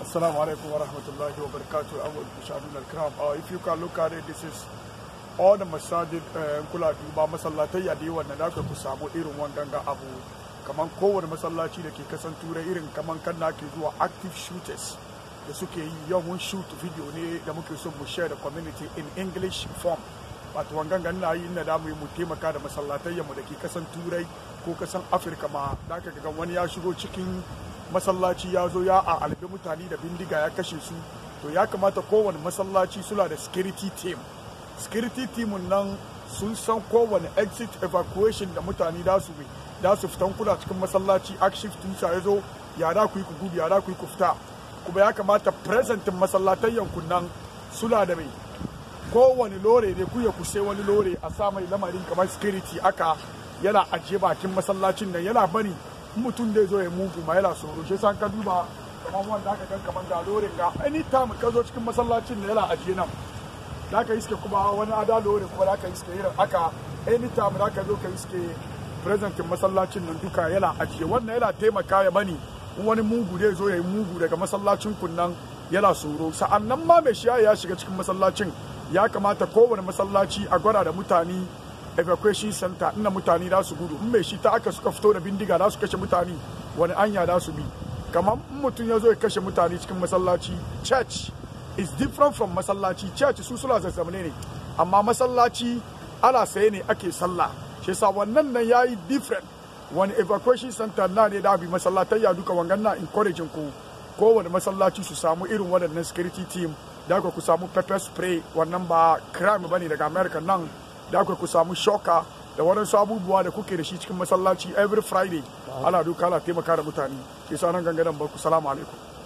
Assalamu alaikum wa rahmatullahi wa barakatuh, kiram. Uh, if you can look at it, this is all the masajid in uh, kula duba masallatai a da wanda za ku samu irin wangan abu kaman kowane masallaci da ke kasan turai irin kaman kan na ke zuwa active shooters da suke yi yau mun shoot video ne da muke so mu share da community in english form wato wangan ga na yi inda mu yi mu taimaka da masallatai mu da ke kasan turai ko kasan afirka ma da ka ga wani ya shigo cikin masallaci ya zo ya a albi mutane da bindiga ya kashe su to ya kamata kowane masallaci suna da security team security team nan sun san kowane exit evacuation da mutane da su bi da su fitan kuna cikin masallaci active tusa ya zo yara ku yi ku gudu yara ku yi ku fita kuma ya kamata presentin masallatan yankun nan suna da mai kowane lore ne ku ya kushe wani lore a sa mai lamarin kamar security aka yana ajiye bakin masallacin nan yana bari mutum dai zo ya mugu ma yana tsoro shi san ka duba kamar wanda aka gan kamar da lorin ga ka zo cikin masallacin da yana ajiye nan da ka iske kuma wani ada lorin kuma da ka iske irin haka anytime da ka zo ka iske presentin masallacin nan duka yana ajiye wannan yana taimaka ya bani wani mugu dai zo ya yi mugu daga masallacin kunnen yana tsoro sa'annan ma mai shiya ya shiga cikin masallacin ya kamata kowane masallaci a gwada da mutane evacuation center ina mutane da su gudu in mai shi ta aka suka fito da bindiga da su kashe mutane wani anya da su bi kamar mutum ya zo ya kashe mutane cikin masallaci church is different from masallaci church su sula zazzamne ne amma masallaci ala saye ne ake sallah shi sa wannan nan yayi different wani evacuation center na ne da bi masallatai ya duka wangan na encouraging ku kowane masallaci su samu irin waɗannan security team da ku samu pepper spray wannan ba crime ne daga america nan da ku samu shoka da waɗansu abubuwa da kuke da shi cikin masallaci every friday ana duka ana taimaka da mutane ke sa nan gangaren barku salamu alaikum